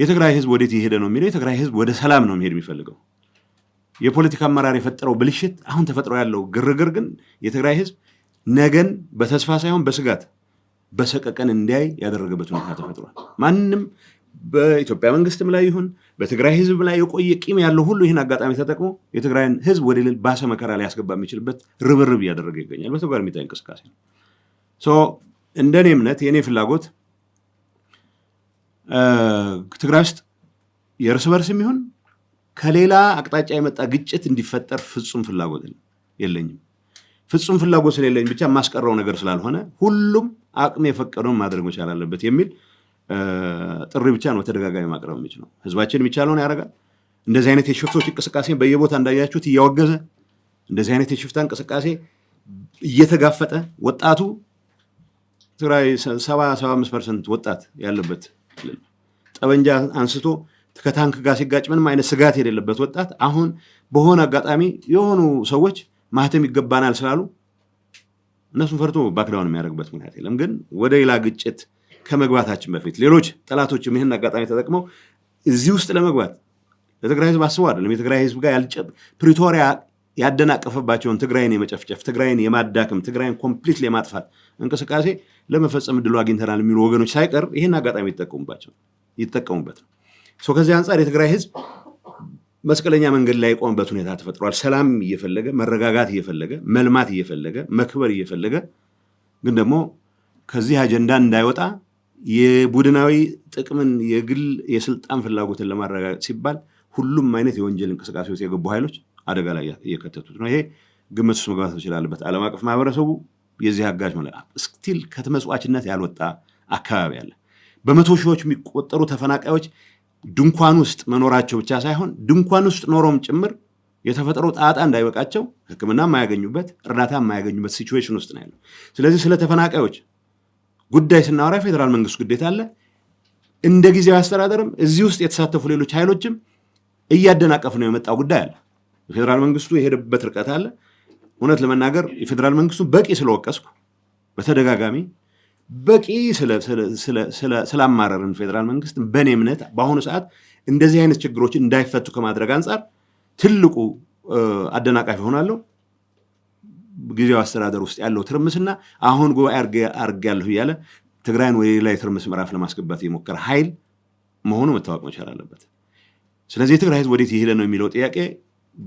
የትግራይ ህዝብ ወዴት የሄደ ነው የሚለው የትግራይ ህዝብ ወደ ሰላም ነው የሚሄድ የሚፈልገው። የፖለቲካ አመራር የፈጠረው ብልሽት፣ አሁን ተፈጥሮ ያለው ግርግር ግን የትግራይ ህዝብ ነገን በተስፋ ሳይሆን በስጋት በሰቀቀን እንዲያይ ያደረገበት ሁኔታ ተፈጥሯል። ማንም በኢትዮጵያ መንግስትም ላይ ይሁን በትግራይ ህዝብ ላይ የቆየ ቂም ያለው ሁሉ ይህን አጋጣሚ ተጠቅሞ የትግራይን ህዝብ ወደ ሌላ ባሰ መከራ ሊያስገባ የሚችልበት ርብርብ እያደረገ ይገኛል። በተግባር የሚታይ እንቅስቃሴ ነው። እንደኔ እምነት የእኔ ፍላጎት ትግራይ ውስጥ የእርስ በርስ የሚሆን ከሌላ አቅጣጫ የመጣ ግጭት እንዲፈጠር ፍጹም ፍላጎት የለኝም። ፍጹም ፍላጎት ስለሌለኝ ብቻ የማስቀረው ነገር ስላልሆነ ሁሉም አቅም የፈቀደውን ማድረግ መቻል አለበት የሚል ጥሪ ብቻ ነው ተደጋጋሚ ማቅረብ የሚችለው። ህዝባችን የሚቻለውን ያደርጋል። እንደዚህ አይነት የሽፍቶች እንቅስቃሴ በየቦታ እንዳያችሁት እያወገዘ እንደዚህ አይነት የሽፍታ እንቅስቃሴ እየተጋፈጠ ወጣቱ ትግራይ ሰባ ሰባ አምስት ፐርሰንት ወጣት ያለበት ክልል ነው። ጠበንጃ አንስቶ ከታንክ ጋር ሲጋጭ ምንም አይነት ስጋት የሌለበት ወጣት አሁን በሆነ አጋጣሚ የሆኑ ሰዎች ማህተም ይገባናል ስላሉ እነሱን ፈርቶ ባክዳውን የሚያደርግበት ምክንያት የለም። ግን ወደ ሌላ ግጭት ከመግባታችን በፊት ሌሎች ጠላቶችም ይህን አጋጣሚ ተጠቅመው እዚህ ውስጥ ለመግባት ለትግራይ ህዝብ አስበው አይደለም። የትግራይ ህዝብ ጋር ፕሪቶሪያ ያደናቀፈባቸውን ትግራይን የመጨፍጨፍ ትግራይን የማዳክም ትግራይን ኮምፕሊት የማጥፋት እንቅስቃሴ ለመፈጸም እድሉ አግኝተናል የሚሉ ወገኖች ሳይቀር ይህን አጋጣሚ ይጠቀሙባቸው ይጠቀሙበት ነው። ከዚህ አንጻር የትግራይ ህዝብ መስቀለኛ መንገድ ላይ የቆመበት ሁኔታ ተፈጥሯል። ሰላም እየፈለገ መረጋጋት እየፈለገ መልማት እየፈለገ መክበር እየፈለገ ግን ደግሞ ከዚህ አጀንዳ እንዳይወጣ የቡድናዊ ጥቅምን የግል የስልጣን ፍላጎትን ለማረጋገጥ ሲባል ሁሉም አይነት የወንጀል እንቅስቃሴ ውስጥ የገቡ ኃይሎች አደጋ ላይ እየከተቱት ነው። ይሄ ግምት ውስጥ መግባት ትችላለበት። ዓለም አቀፍ ማህበረሰቡ የዚህ አጋዥ መለ ስቲል ከተመጽዋችነት ያልወጣ አካባቢ አለ። በመቶ ሺዎች የሚቆጠሩ ተፈናቃዮች ድንኳን ውስጥ መኖራቸው ብቻ ሳይሆን ድንኳን ውስጥ ኖሮም ጭምር የተፈጥሮ ጣጣ እንዳይበቃቸው ሕክምና የማያገኙበት እርዳታ የማያገኙበት ሲቹዌሽን ውስጥ ነው ያለው። ስለዚህ ስለ ተፈናቃዮች ጉዳይ ስናወራ ፌዴራል መንግስት ግዴታ አለ። እንደ ጊዜያዊ አስተዳደርም እዚህ ውስጥ የተሳተፉ ሌሎች ኃይሎችም እያደናቀፍ ነው የመጣው ጉዳይ አለ። የፌዴራል መንግስቱ የሄደበት ርቀት አለ። እውነት ለመናገር የፌዴራል መንግስቱ በቂ ስለወቀስኩ በተደጋጋሚ በቂ ስላማረርን ፌዴራል መንግስት በእኔ እምነት በአሁኑ ሰዓት እንደዚህ አይነት ችግሮች እንዳይፈቱ ከማድረግ አንጻር ትልቁ አደናቃፊ ሆናለሁ። ጊዜው አስተዳደር ውስጥ ያለው ትርምስና አሁን ጉባኤ አድርጌያለሁ እያለ ትግራይን ወደ ሌላ የትርምስ ምዕራፍ ለማስገባት የሞከረ ኃይል መሆኑ መታወቅ መቻል አለበት። ስለዚህ የትግራይ ህዝብ ወዴት ይሄደ ነው የሚለው ጥያቄ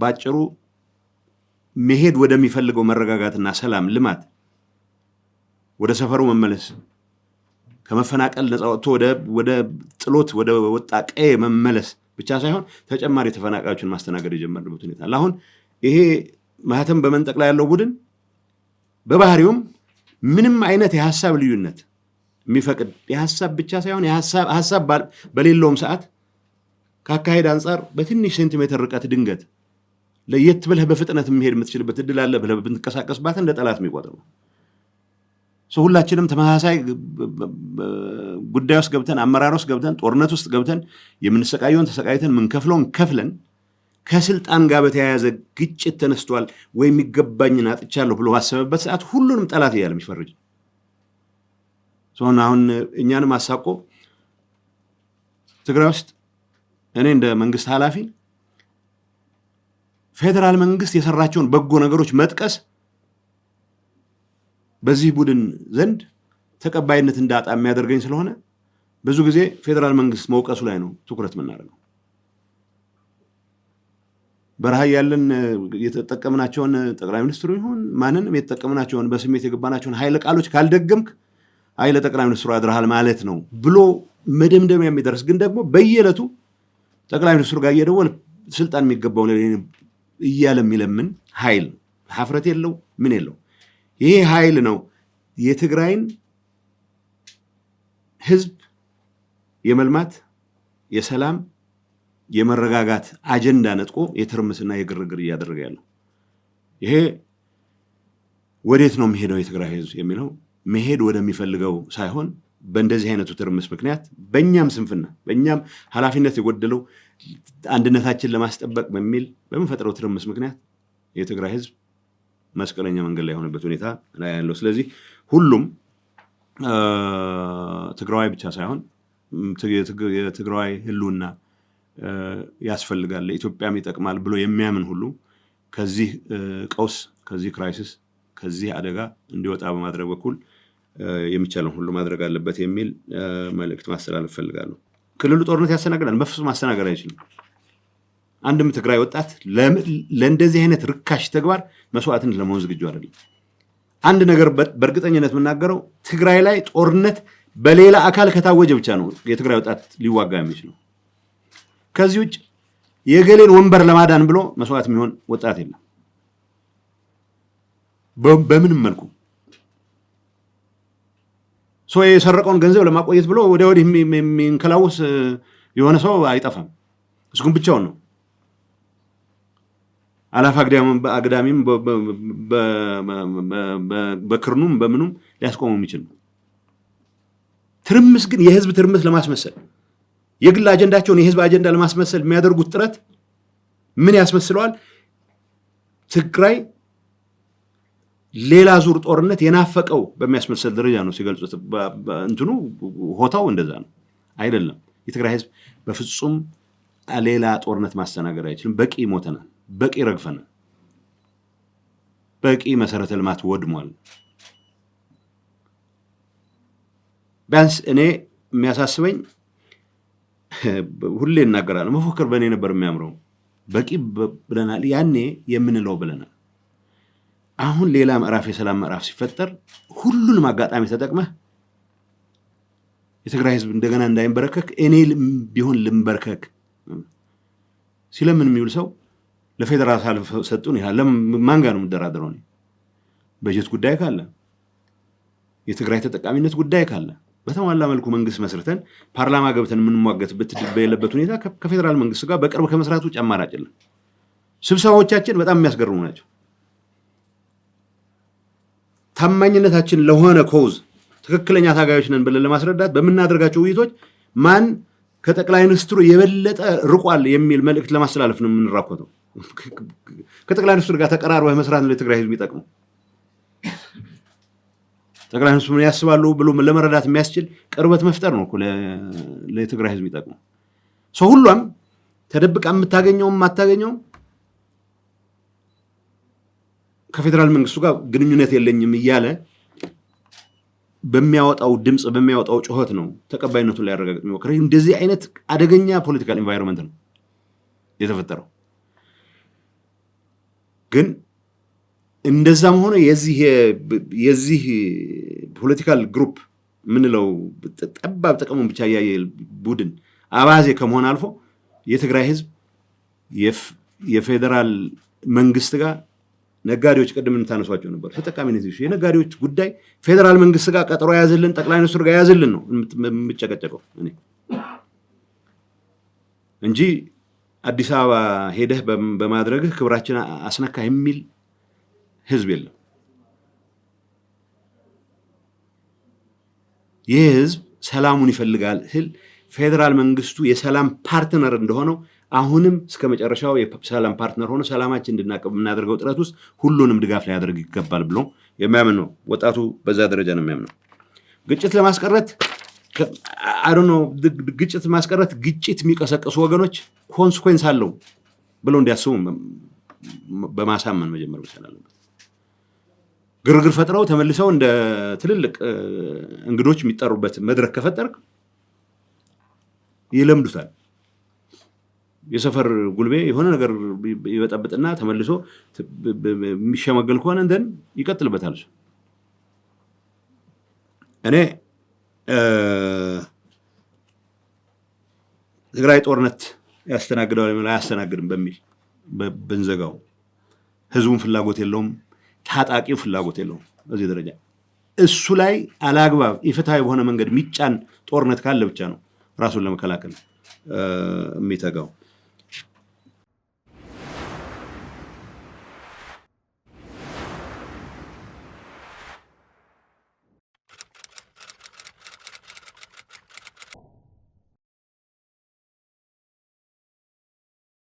ባጭሩ መሄድ ወደሚፈልገው መረጋጋትና ሰላም፣ ልማት፣ ወደ ሰፈሩ መመለስ፣ ከመፈናቀል ነፃ ወጥቶ ወደ ጥሎት ወደ ወጣ ቀዬ መመለስ ብቻ ሳይሆን ተጨማሪ ተፈናቃዮችን ማስተናገድ የጀመርንበት ሁኔታ አለ። አሁን ይሄ ማህተም በመንጠቅ ላይ ያለው ቡድን በባህሪውም ምንም አይነት የሀሳብ ልዩነት የሚፈቅድ የሀሳብ ብቻ ሳይሆን ሀሳብ በሌለውም ሰዓት ከአካሄድ አንጻር በትንሽ ሴንቲሜትር ርቀት ድንገት ለየት ብለህ በፍጥነት መሄድ የምትችልበት እድል አለ ብለህ ብትንቀሳቀስባት እንደ ጠላት የሚቆጥር ሰው ሁላችንም ተመሳሳይ ጉዳይ ውስጥ ገብተን አመራር ውስጥ ገብተን ጦርነት ውስጥ ገብተን የምንሰቃየውን ተሰቃይተን ምንከፍለውን ከፍለን ከስልጣን ጋር በተያያዘ ግጭት ተነስቷል ወይም የሚገባኝን አጥቻለሁ ብሎ ባሰበበት ሰዓት ሁሉንም ጠላት እያለ የሚፈርጅ ሆን አሁን እኛንም አሳቆ ትግራይ ውስጥ እኔ እንደ መንግስት ኃላፊ ፌዴራል መንግስት የሰራቸውን በጎ ነገሮች መጥቀስ በዚህ ቡድን ዘንድ ተቀባይነት እንዳጣ የሚያደርገኝ ስለሆነ ብዙ ጊዜ ፌዴራል መንግስት መውቀሱ ላይ ነው ትኩረት የምናደርገው። በረሃ ያለን የተጠቀምናቸውን ጠቅላይ ሚኒስትሩ ይሁን ማንንም የተጠቀምናቸውን በስሜት የገባናቸውን ኃይለ ቃሎች ካልደገምክ ኃይለ ጠቅላይ ሚኒስትሩ ያድርሃል ማለት ነው ብሎ መደምደሚያ የሚደርስ ግን ደግሞ በየዕለቱ ጠቅላይ ሚኒስትሩ ጋር እየደወል ስልጣን የሚገባው እያለ የሚለምን ኃይል ነው። ሀፍረት የለው ምን የለው። ይሄ ኃይል ነው የትግራይን ህዝብ የመልማት የሰላም የመረጋጋት አጀንዳ ነጥቆ የትርምስና የግርግር እያደረገ ያለው ይሄ ወዴት ነው የሚሄደው የትግራይ ህዝብ የሚለው መሄድ ወደሚፈልገው ሳይሆን በእንደዚህ አይነቱ ትርምስ ምክንያት በእኛም ስንፍና በእኛም ኃላፊነት የጎደለው አንድነታችን ለማስጠበቅ በሚል በምንፈጥረው ትርምስ ምክንያት የትግራይ ህዝብ መስቀለኛ መንገድ ላይ የሆነበት ሁኔታ ላይ ያለው። ስለዚህ ሁሉም ትግራዋይ ብቻ ሳይሆን የትግራዋይ ህልውና ያስፈልጋል፣ ለኢትዮጵያም ይጠቅማል ብሎ የሚያምን ሁሉ ከዚህ ቀውስ፣ ከዚህ ክራይሲስ፣ ከዚህ አደጋ እንዲወጣ በማድረግ በኩል የሚቻለውን ሁሉ ማድረግ አለበት የሚል መልእክት ማስተላለፍ እፈልጋለሁ። ክልሉ ጦርነት ያስተናግዳል? በፍጹም ማስተናገድ አይችልም። አንድም ትግራይ ወጣት ለእንደዚህ አይነት ርካሽ ተግባር መስዋዕትነት ለመሆን ዝግጁ አይደለም። አንድ ነገር በእርግጠኝነት የምናገረው ትግራይ ላይ ጦርነት በሌላ አካል ከታወጀ ብቻ ነው የትግራይ ወጣት ሊዋጋ የሚችለው። ከዚህ ውጭ የገሌን ወንበር ለማዳን ብሎ መስዋዕት የሚሆን ወጣት የለም በምንም መልኩ። ሰው የሰረቀውን ገንዘብ ለማቆየት ብሎ ወደ ወዲህ የሚንከላውስ የሆነ ሰው አይጠፋም። እስኩም ብቻውን ነው። አላፍ አግዳሚም በክርኑም በምኑም ሊያስቆሙ የሚችል ነው። ትርምስ ግን የህዝብ ትርምስ ለማስመሰል የግል አጀንዳቸውን የህዝብ አጀንዳ ለማስመሰል የሚያደርጉት ጥረት ምን ያስመስለዋል? ትግራይ ሌላ ዙር ጦርነት የናፈቀው በሚያስመስል ደረጃ ነው ሲገልጹት። እንትኑ ሆታው እንደዛ ነው። አይደለም የትግራይ ህዝብ በፍጹም ሌላ ጦርነት ማስተናገድ አይችልም። በቂ ሞተናል፣ በቂ ረግፈናል፣ በቂ መሰረተ ልማት ወድሟል። ቢያንስ እኔ የሚያሳስበኝ ሁሌ እናገራለሁ፣ መፎከር በእኔ ነበር የሚያምረው። በቂ ብለናል፣ ያኔ የምንለው ብለናል አሁን ሌላ ምዕራፍ የሰላም ምዕራፍ ሲፈጠር ሁሉንም አጋጣሚ ተጠቅመህ የትግራይ ህዝብ እንደገና እንዳይንበረከክ እኔ ቢሆን ልንበርከክ ሲለምን የሚውል ሰው ለፌዴራል ሳልፍ ሰጡን ይላል። ማን ጋር ነው የምደራደረው? በጀት ጉዳይ ካለ የትግራይ ተጠቃሚነት ጉዳይ ካለ በተሟላ መልኩ መንግስት መስርተን ፓርላማ ገብተን የምንሟገትበት በሌለበት ሁኔታ ከፌዴራል መንግስት ጋር በቅርብ ከመስራት ውጭ አማራጭ የለም። ስብሰባዎቻችን በጣም የሚያስገርሙ ናቸው። ታማኝነታችን ለሆነ ኮውዝ ትክክለኛ ታጋዮች ነን ብለን ለማስረዳት በምናደርጋቸው ውይይቶች ማን ከጠቅላይ ሚኒስትሩ የበለጠ ርቋል የሚል መልእክት ለማስተላለፍ ነው የምንራኮተው። ከጠቅላይ ሚኒስትሩ ጋር ተቀራርበህ መስራት ነው ለትግራይ ህዝብ ይጠቅመው። ጠቅላይ ሚኒስትሩ ምን ያስባሉ ብሎ ለመረዳት የሚያስችል ቅርበት መፍጠር ነው ለትግራይ ህዝብ የሚጠቅመው። ሰው ሁሏም ተደብቃ የምታገኘውም የማታገኘውም ከፌዴራል መንግስቱ ጋር ግንኙነት የለኝም እያለ በሚያወጣው ድምፅ በሚያወጣው ጩኸት ነው ተቀባይነቱን ሊያረጋግጥ የሚሞክር። እንደዚህ አይነት አደገኛ ፖለቲካል ኢንቫይሮንመንት ነው የተፈጠረው። ግን እንደዛም ሆነ የዚህ ፖለቲካል ግሩፕ የምንለው ጠባብ ጥቅሙን ብቻ ያየ ቡድን አባዜ ከመሆን አልፎ የትግራይ ህዝብ የፌዴራል መንግስት ጋር ነጋዴዎች ቅድም የምታነሷቸው ነበር። ተጠቃሚ የነጋዴዎች ጉዳይ ፌዴራል መንግስት ጋር ቀጠሮ የያዝልን ጠቅላይ ሚኒስትር ጋር የያዝልን ነው የምጨቀጨቀው እኔ እንጂ አዲስ አበባ ሄደህ በማድረግህ ክብራችን አስነካ የሚል ህዝብ የለም። ይህ ህዝብ ሰላሙን ይፈልጋል ስል ፌዴራል መንግስቱ የሰላም ፓርትነር እንደሆነው አሁንም እስከ መጨረሻው የሰላም ፓርትነር ሆኖ ሰላማችን እንድናቀብ የምናደርገው ጥረት ውስጥ ሁሉንም ድጋፍ ሊያደርግ ይገባል ብሎ የሚያምን ነው። ወጣቱ በዛ ደረጃ ነው የሚያምነው። ግጭት ለማስቀረት አዶኖ ግጭት ማስቀረት ግጭት የሚቀሰቀሱ ወገኖች ኮንስኮንስ አለው ብለው እንዲያስቡ በማሳመን መጀመር መቻል አለበት። ግርግር ፈጥረው ተመልሰው እንደ ትልልቅ እንግዶች የሚጠሩበት መድረክ ከፈጠርክ ይለምዱታል። የሰፈር ጉልቤ የሆነ ነገር ይበጠብጥና ተመልሶ የሚሸመገል ከሆነ እንደን ይቀጥልበታል። እኔ ትግራይ ጦርነት ያስተናግደዋል አያስተናግድም በሚል ብንዘጋው ህዝቡን ፍላጎት የለውም፣ ታጣቂው ፍላጎት የለውም። በዚህ ደረጃ እሱ ላይ አላግባብ ኢፍትሐዊ በሆነ መንገድ የሚጫን ጦርነት ካለ ብቻ ነው ራሱን ለመከላከል የሚተጋው።